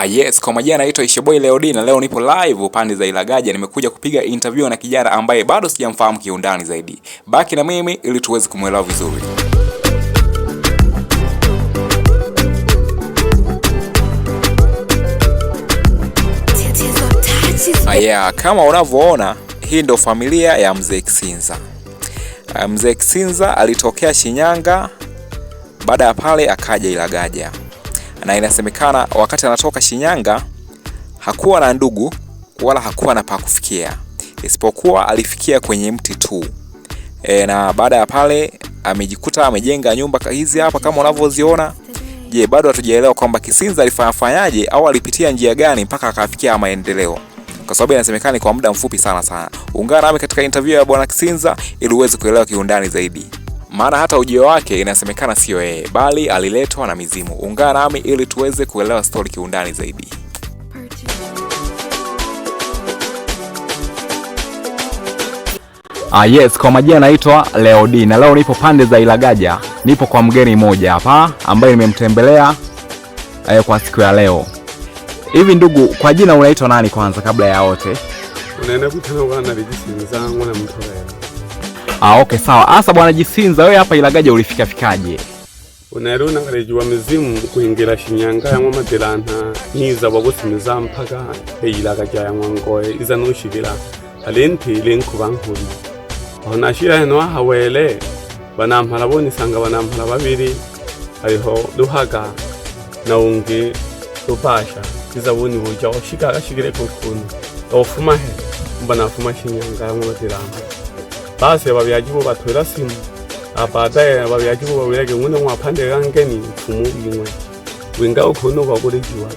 Ah, yes, kwa majina naitwa Isheboy Leodi na leo nipo live upande za Ilagaja. Nimekuja kupiga interview na kijana ambaye bado sijamfahamu kiundani zaidi. Baki na mimi ili tuweze kumwelewa vizuri. Ah, yeah, kama unavyoona hii ndo familia ya Mzee Kisinza. Ah, Mzee Kisinza alitokea Shinyanga, baada ya pale akaja Ilagaja na inasemekana wakati anatoka Shinyanga hakuwa na ndugu wala hakuwa na pa kufikia, isipokuwa alifikia kwenye mti tu e, na baada ya pale amejikuta amejenga nyumba hizi hapa kama unavyoziona. Je, bado hatujaelewa kwamba Kisinza alifanyaje au alipitia njia gani mpaka akafikia maendeleo, kwa sababu inasemekana ni kwa muda mfupi sana sana. Ungana nami katika interview ya bwana Kisinza ili uweze kuelewa kiundani zaidi maana hata ujio wake inasemekana siyo yeye, bali aliletwa na mizimu. Ungana nami ili tuweze kuelewa stori kiundani zaidi. Ah, yes, kwa majina naitwa Leodi na leo nipo pande za Ilagaja. Nipo kwa mgeni mmoja hapa ambaye nimemtembelea eh, kwa siku ya leo. Hivi ndugu, kwa jina unaitwa nani kwanza kabla ya yote? Unaenda kutana na vijiji wenzangu na mtu wangu. Ah, okay sawa. Asa bwana Jisinza, wewe hapa Ilagaja ulifika fikaje? unaeleona kalejiwa mizimu kuingira shinyanga yamwe madiranta niza wagutsimiza mpaka eilagaja ya ngoye iza nushibila alenti linkuba nkuri aho nashira heno ahawele banampala bonisanga banampala babiri aliho luhaga ungi lupasha iza buni buja oshika ofuma kukuntu ofumahe mbanafuma shinyanga ya madiranta basi babyaji e, bo batwela simu apataye babyaji bo babwelake ng'wine mwaphandele angeni mfumu imwe winga ukhone ubakulekiwa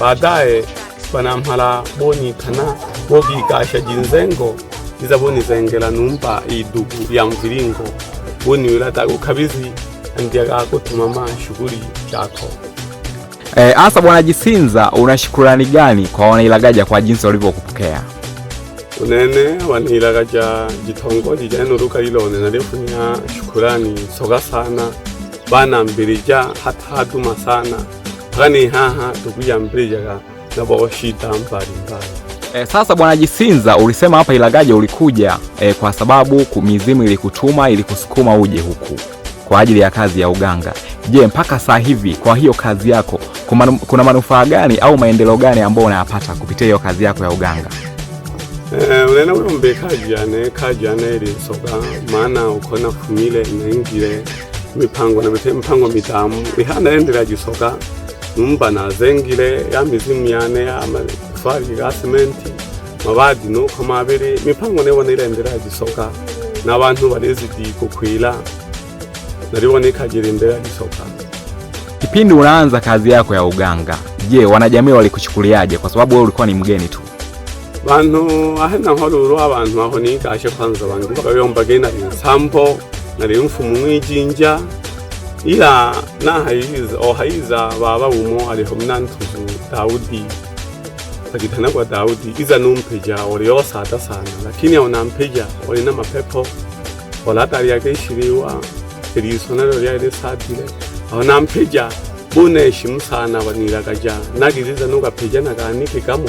baadaye banamhala bonikhana bobikasha jinzengo iza bonizengela numba iduku e ya mvilingo boniwila takukhabizi ndiyakakutumama shughuli chako E, eh, asa Bwana Jisinza, una gani kwa wanailagaja kwa jinsi walivyokupokea? unene wanihilaka ja jitongoji ja enuruka lilone nalifunya shukurani soga sana mbirija hata hatuma sana nihaha haha tukuyambirijaga naboshida mbalimbali e, eh, sasa Bwana Jisinza ulisema hapa Ilagaja ulikuja e, kwa sababu mizimu ilikutuma ilikusukuma uje huku kwa ajili ya kazi ya uganga. Je, mpaka saa hivi kwa hiyo kazi yako kuna manufaa gani au maendeleo gani ambayo unayapata kupitia hiyo kazi yako ya uganga? Uh, eh, unena ulumbe kajyane kajyane lisoka maana ukona fumile naingile mipango nabete mipango mitamu ihana endela jisoka numba nazengile yamizimu yane amatofali ga simenti mabadi nuko mabiri mipango nebona ilendela jisoka na n'abantu barizidi kukwila nalibona ikajira imbere ya jisoka Kipindi unaanza kazi yako ya uganga, je, wanajamii walikuchukuliaje? Kwa sababu wewe ulikuwa ni mgeni tu bantu ahe nankoruru abantu aho nigashe kwanza abantu bakayombaga nari nsampo nari mfumu mwijinja ila nahayiza ohayiza baba wumo aliho mnantuzu Daudi akitana kwa Daudi iza numpeja waliosada sana lakini ori na mapepo walatali yake ishiriwa ilisonero lyalisadile aonampeja buneshimu sana wanilagaja nagiziza nugapeja naganikigamo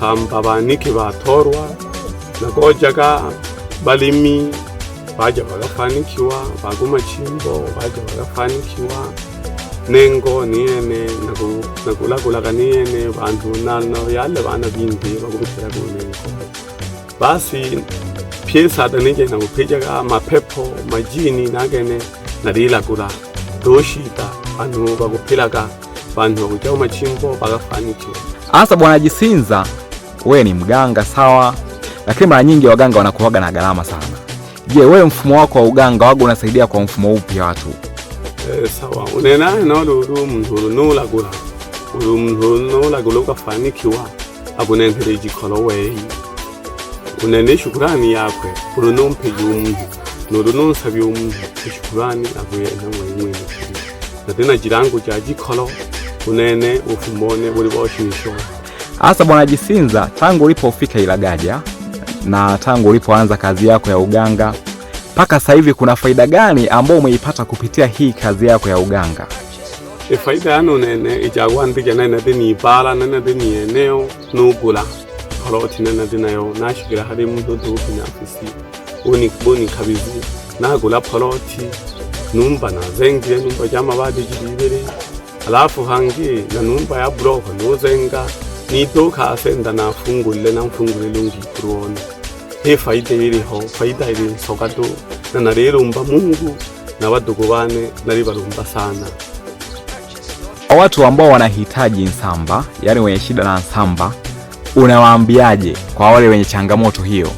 basambabaniki batorwa nagojaga balimi baja bagafanikiwa bagumachimbo baja bagafanikiwa nengo niyene nagulagulaga niyene bantu nano yale bana bindi bagumutiraga nengo basi pyesada nije nagupijaga mapepo majini nagene narilagula doshida bantu bagupilaga bantu bagujaga machimbo bagafanikiwa asa bwana jisinza wewe ni mganga sawa, lakini mara nyingi waganga wanakuaga na gharama sana. Je, wewe mfumo wako wa uganga wago unasaidia kwa mfumo upi watu? eh, sawa unena na lulu mzulu no la gula lulu no la gula ukafanikiwa abunentere jikolo weyi unene shukurani yakwe uruno mpegi umuntu nuruno nsabi umuntu shukurani avuye na mwe natena ja jikolo unene ufumone uri boshimishoa Hasa Bwana Jisinza, tangu ulipofika Ilagaja na tangu ulipoanza kazi yako ya uganga mpaka sasa hivi, kuna faida gani ambayo umeipata kupitia hii kazi yako ya uganga? E, faida yano nene ijagwa ijagwandija nenede nibala nenede ni eneo nugula holoti nenede nayo nashigira hari mudodobi uni boni kabizi nagula poloti numba na nazengiye numba jama badi jibibere alafu hangi na numba ya broko nuzenga nitokha asenda nafungulile namfungulile ngiikulu wona he faida ho faida ili nsoka tu na mba Mungu na wadugu wane nalivalumba sana kwa watu ambao wanahitaji nsamba, yani wenye shida na nsamba, unawaambiaje kwa wale wenye changamoto hiyo?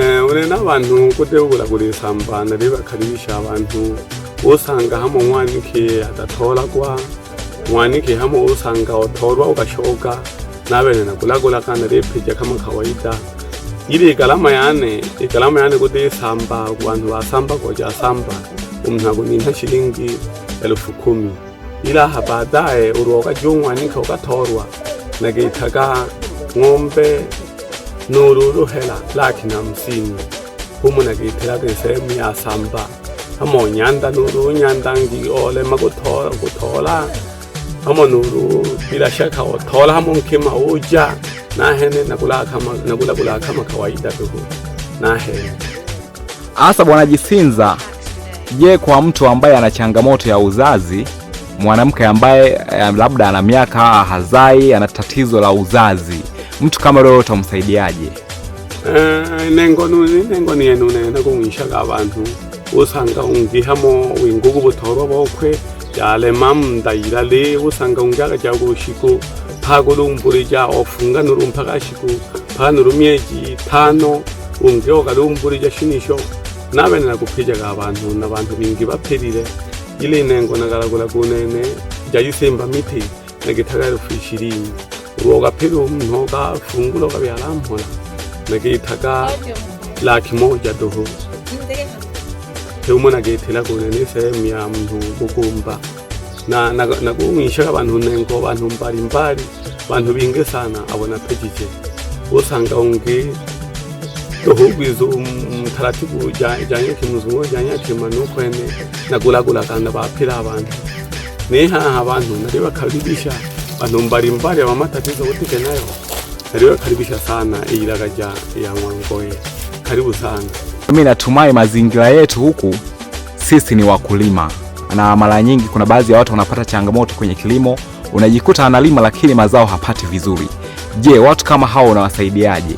Eh, unena vanhu kuteukula kuli nsamba nalivakaribisha vanhu usanga hamwe atatola kwa mwanike hamo usanga otorwa ukashoka nabene nakulagula kana ripija kama kawaida ili ikalama yane ikalama yane kuti isamba kubantu basamba koja asamba umna kuninha shilingi elufu kumi ila baadaye uruoka jung'wanika ukatorwa nageitaga ng'ombe ruhela laki na msini humu nageitiraga sehemu ya samba nuru nurunyanda ngi olema kutola kama nuru bila shaka watola hamunki mauja nahene nagula kama gula kama kawaida tu nahene asa Bwana Jisinza, je, kwa mtu ambaye ana changamoto ya uzazi, mwanamke ambaye eh, labda ana miaka hazai, ana tatizo la uzazi, mtu kama leo utamsaidiaje? Uh, eh, nengo nuni nengo abantu usanga ungihamo wingugu butoro bokwe jalemamu ndayilale usanga unjaka jakushiko mpaka lumbuli ja ofunga nulu mpaka ashiko mpaka nulu myezi itano ungeoka lumbuli ja shinisho navenela kuphijaga avanhu na vanhu vingi vaphelile ile inengonakalakula kunene jayisemba mithi nakithaka elufu ishirini ulokaphela umnhu okafungula okavyala amhola nakithaka laki moja doho umona gete lagona ni sehemu ya mndu Bukumba na naguumwishaka nengo bantu mbalimbali bantu bingi sana abona pejije usanga ungi tohugwiza mtaratibu janye kimuzungu janye kimanukwene nagulagula kanda bapila abantu nihaha abantu nali bakaribisha bantu mbalimbali abamatatizo utike nayo nali bakaribisha sana iilagaja ya ng'wangoye karibu sana mimi natumai mazingira yetu huku sisi ni wakulima, na mara nyingi kuna baadhi ya watu wanapata changamoto kwenye kilimo, unajikuta analima lakini mazao hapati vizuri. Je, watu kama hao unawasaidiaje?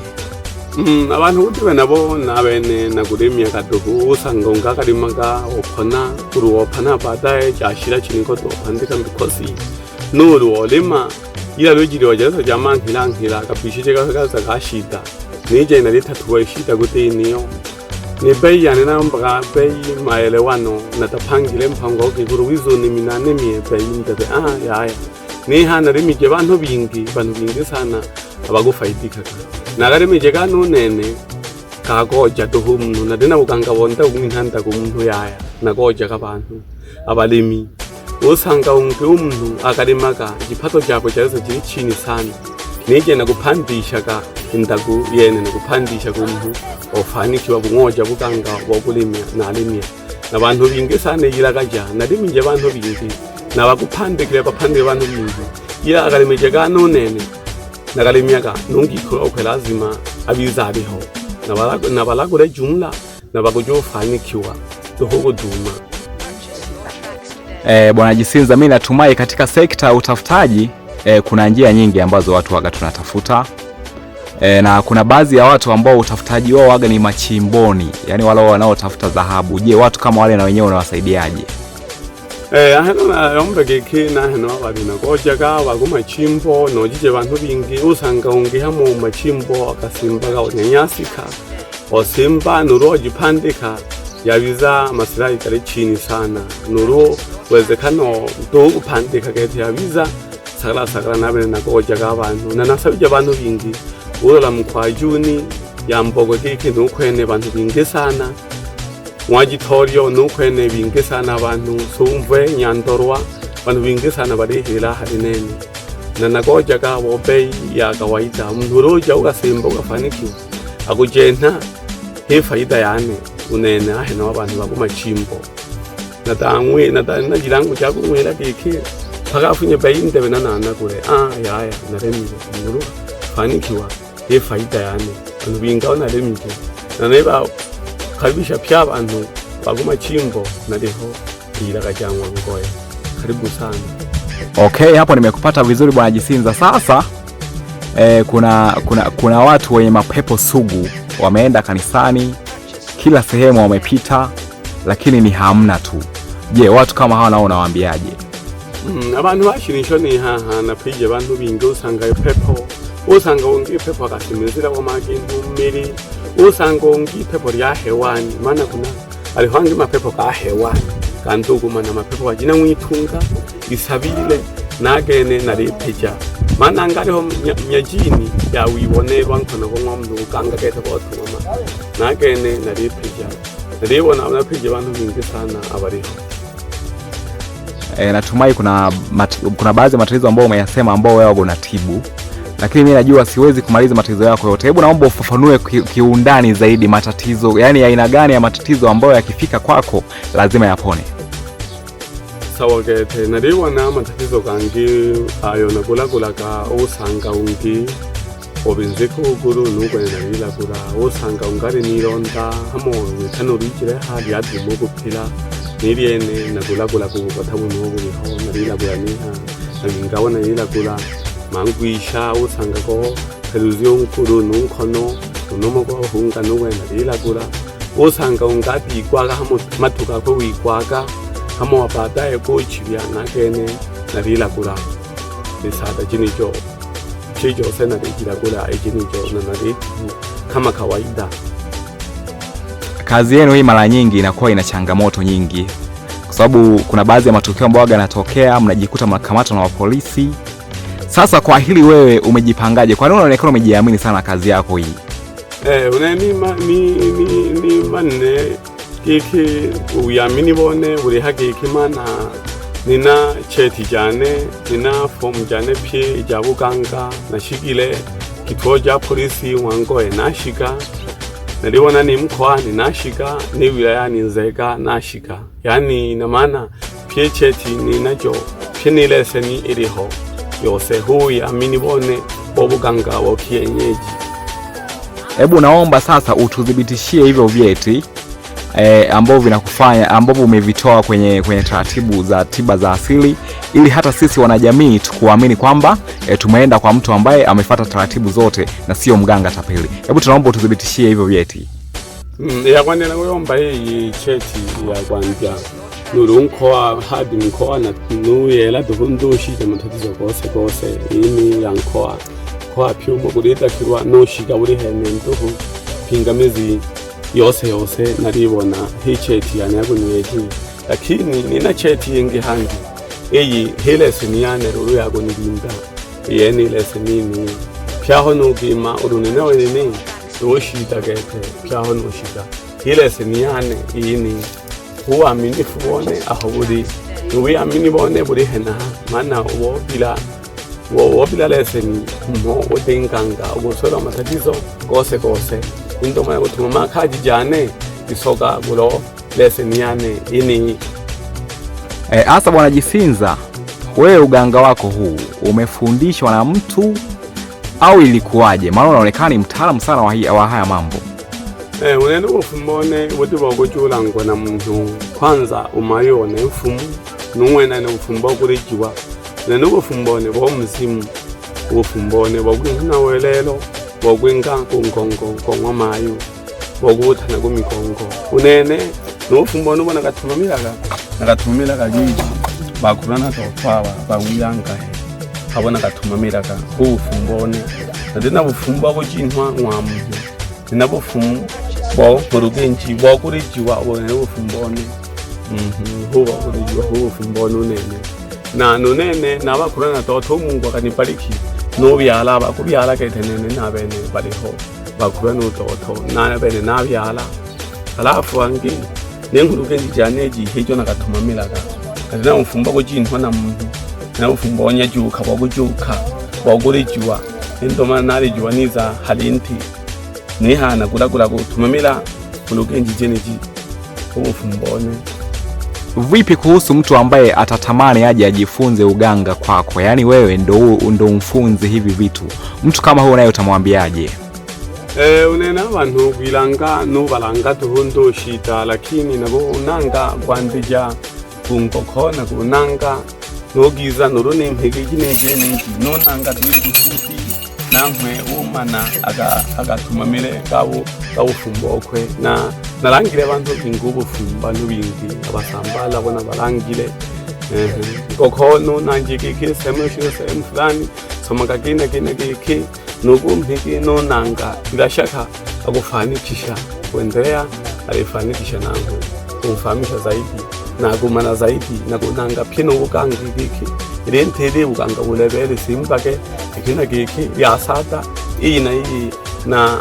Mm, abantu kutiwe nabo nabene nakulimia kaduhu usangonga kalimaka opana uruopana badae chashira chiniko tuopandika mbikosi nuruolima ila lujiliwa jaso jama nkila nkila kapishije kakasa kashida nije inaleta tuwa shida gute iniyo ni bei yanenambaka bei maelewano natapangile mpango wakiguru wizoni minane mie bei ndebe ah yaya nihana rimije bantu bingi bantu bingi sana abagufaidikaga nagarimije ganunene kagoja tuhu mnu nadina buganga bonda umwintanda kumuntu yaya nagojaga bantu abalimi usanga unge umnu akarimaga igipato cyabo cyarese kiri chini sana nije ka intaku yene nakuphandishaga omuntu ofanikiwa bung'oja buganga bwa kulimya nalimya na bantu vingi sana yilagaja naliminja bantu vingi na bakuphandikile baphandile bantu vingi ila akalimeja ganonene nakalimyaga nungikula okwe lazima abizaliho na balagule jumla na bakuja ofanikiwa tuhukuduma. Eh, Bwana Jisinza, mimi natumai katika sekta ya utafutaji e, kuna njia nyingi ambazo watu waga tunatafuta e, na kuna baadhi ya watu ambao utafutaji wao waga ni machimboni, yani wale wanaotafuta dhahabu. Je, watu kama wale na wenyewe unawasaidiaje? Eh, ahana ombe geki naheno babinagojaga bagumachimbo nojije bantu bingi usanga ungiha mu machimbo akasimbaga unyanyasika osimba nuru ojipandika yabiza masirai kale chini sana nuru wezekano mtu upandika kete yabiza sagala sagala nabele nagoja gabantu na nasabije bantu bingi ulola mkwa juni ya mbogo giki nukwene bantu bingi sana mwagitorio nukwene bingi sana bantu sumve nyandorwa bantu bingi sana bali hilaha inene na nagoja gabo bei ya kawaida mtu uloja ugasimba ugafanikiwa akujenta he faida yane unene ahe na wabantu baguma chimbo na tangwe na tangwe na jilangu chakumwela kikira Pakafunye bayi ndebe na nana kule. Ah, ya ya, naremire. Nuru, fanikiwa. Ye faida yani. Anu bingao naremire. Na neba karibisha pia abantu baguma chimbo na deho bila kajangwa ngoye. Karibu sana. Okay, hapo nimekupata vizuri Bwana Jisinza. Sasa eh, kuna, kuna, kuna watu wenye mapepo sugu wameenda kanisani kila sehemu wamepita, lakini ni hamna tu. Je, watu kama hawa nao unawaambiaje? Mm, abantu bashirishwe nihahana pije abantu bingi usanga yo pepo usanga wongi pepo akasimizira wa magi ntumiri usanga wongi pepo lya hewani maana kuna alihangi mapepo ka hewani kandi kanduguma na mapepo wajina mwitunga isabile nagene nalipija maana ngaliho myajini ya wibone bankona ko ngomdu kanga kete botuma nagene nalipija nalibona abana pije abantu bingi sana abariho E, natumai kuna, mat, kuna baadhi ya matatizo ambayo umeyasema ambao wewe wago unatibu, lakini mi najua siwezi kumaliza matatizo yako yote. Hebu naomba ufafanue kiundani ki zaidi matatizo, yani aina ya gani ya matatizo ambayo yakifika kwako lazima yapone. sawa gete na matatizo kangi ayo nagulagulaga usanga ungi obinzeko uguru nukwenda nilagula usanga ungari nilonda amo witano hali yadimo gupila niliene nakulakula ku kwathavuniwoko miho nalilakula miha namingawo nalilakula mangwisha usangako kheluziyo nkulu nunkhono unomoko hunga nowe nalilakula usanga ungapikwaka hamo mathu kako wikwaka hamo wapataye kuchivya nakene nalilakula nisata chinicho chichose nalikilakula echinicho nanali kama kawaida kazi yenu hii mara nyingi inakuwa ina changamoto nyingi, kwa sababu kuna baadhi ya matukio ambayo yanatokea, mnajikuta mnakamatwa na polisi. Sasa kwa hili wewe umejipangaje? Kwani unaonekana umejiamini sana kazi yako hii. Eh, unani ni ni ni manne kiki uyamini bone uri hagiki mana nina cheti jane nina form jane pye ijabuganga nashigile kituo ja polisi wangoe nashika naliona ni mkoani nashika ni wilayani nzega nashika yani ina maana pye cheti ninacho pye nileseni iliho yose huya minibone wobuganga wa kienyeji. Hebu naomba sasa ututhibitishie hivyo vyeti e, ambavyo vinakufanya ambavyo umevitoa kwenye, kwenye taratibu za tiba za asili ili hata sisi wanajamii tukuamini kwamba e, tumeenda kwa mtu ambaye amefata taratibu zote na sio mganga tapeli. Hebu tunaomba ututhibitishie hivyo vyeti. Mm, kwani kuyomba hii cheti ya kwanza yakwanza nulunkoa hadi mkoa na nuyela dukundushile matatizo gose gose ini yankoa koa pyumo kulidakilwa nushika uri hene nduhu pingamizi yose yose nalibona hii cheti yana yakunyehi lakini nina cheti yingi hangi eyi hilesini yane ruru yago nirinda yeni lesini ni pyaho nugima urunene wenini roshida gete pyaho nushida hilesini yane ini huwaminifu bone aho buri nuwiamini bone buri hena mana uwo bila leseni mo udinganga ugusola matatizo gose gose indoma yagutuma makhaji jane isoka gulo leseni yane ini Eh, hasa e, bwana jifunza wewe, uganga wako huu umefundishwa na mtu au ilikuwaje? Maana unaonekana ni mtaalamu sana wa haya mambo. Eh, unene ufumbone wati wakuchulangwa na muntu kwanza umayone ufumu ne ufumba kulijiwa unene ufumbone wo mzimu ufumbone wakwinga welelo wakwinga kunkongo kongwa mayu wakuwuthana kumikongo unene nuufumbone ubona katumamilaka nakatumila kajiji bakula natofaa bawilanga abo nakatumamilaka bubufumbone nadi nabufumbu abo chinwa ng'wamuya ninabufumbu bwaburugenji bwakurijiwa obone bufumbone huba mhm, burijiwa hubufumbone unene na nunene nabakula natoto mungu akanibariki nobyala bakubyala ketenene nabene baliho bakula nutoto nabene nabyala alafu angini nenguluka ejijaneji hejo nakatumamilaga kati naufumbago jinthu na muntu naufumba wanyajuka wakujuka wakulijuwa endomana nalijuwaniza hali nthi nihana kulakula kutumamila kuluka enjijeneji umufumbone Vipi kuhusu mtu ambaye atatamani aje ajifunze uganga kwako, yaani wewe ndo ndo mfunzi hivi vitu, mtu kama huyo naye utamwambiaje? Eh, unena abantu bwilanga nubalanga tuhundu shita lakini nabo unanga kwandija kungoko na kunanga nogiza noro nemphege jinejene nonanga dwindututi nankwe umana agatumamile gabo gawufumbokwe na nalangile bantu bingi ubufumba nubingi abasambala bona balangile ngokho nonanjikeke semo shiro fulani somaka kina nukumhiki nonanga bila shaka akufanikisha kuendelea, alifanikisha nangu kumfahamisha zaidi na kumana zaidi na kunanga pino ukanga kiki ile ntele ukanga ulebele simbake ikina kiki yasata iyi na iyi na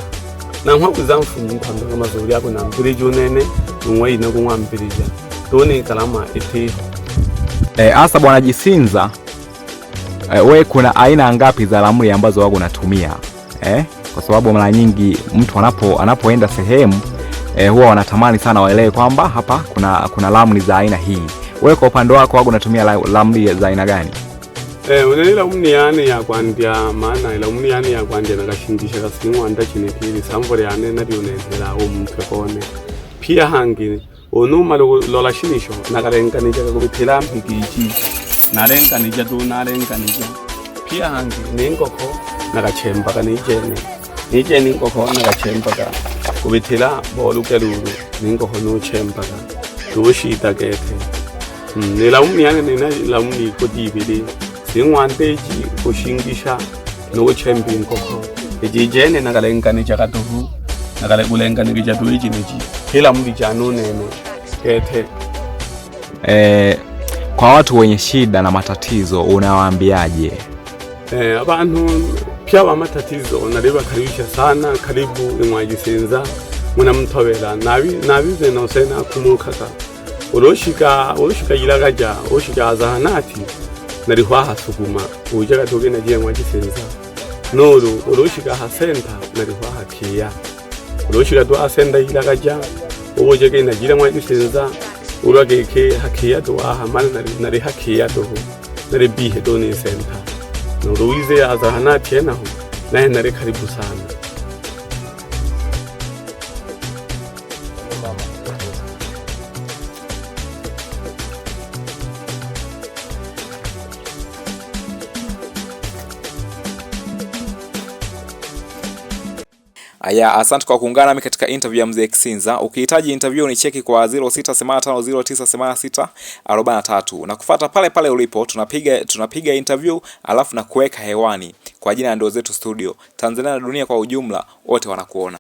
na nkwaku zamfunyi mpambaka mazuri yako na mbirija unene numwe ine kumwa mbirija toni kalama itiho e, eh, asa bwana Jisinza Eh, we kuna aina ngapi za ramli ambazo wago natumia eh? Kwa sababu mara nyingi mtu anapo anapoenda sehemu eh, huwa wanatamani sana waelewe kwamba hapa kuna kuna ramli za aina hii. Wewe kwa upande wako wago unatumia ramli za aina gani? Eh, une ilaumuni yane yakwandya maana ilaumuni yane yakwandya nakashindisha kasimu anda chinitili samvole yane nalyonethela omutwe kone pia hangi unuma lola shinisho nakalenganisha kakubitila mpikiji nalenga nija du nalenga nija pia hangi ningoko nakachembaga nijene nije ningoko nakachembaga kubitila boluke lulu ningoko nuchembaga dushida gete hmm, nilaumiyane ninalaumu ikudibili sing'wandeji kushingisha nuchemba ingoko ijijene nakalenga nijaga duhu nakalegulenga nikija duiji kila muli janunene gete eh kwa watu wenye shida na matatizo unawaambiaje? Eh, abantu wa matatizo karibisha sana karibu imwagisinza munamutobera nabize nosena kumukaka uroshika uroshika yiragaja uroshika azahanati narihwa hasuguma uja gatoge nagiye mwagisinza noru uroshika hasenta narihwa hakiya uroshika dwa asenda yiragaja ubojege nagira mwagisinza urageke hakeya do ahamana nare hakeya doho nare bihe do ni senta noruwize yaza hana tena ho naye nare karibu sana Haya, asante kwa kuungana nami katika interview ya Mzee Kisinza. Ukihitaji interview ni cheki kwa 0685098643 na kufuata pale pale ulipo. Tunapiga tunapiga interview alafu na kuweka hewani kwa jina ya ndoo zetu studio Tanzania na dunia kwa ujumla, wote wanakuona.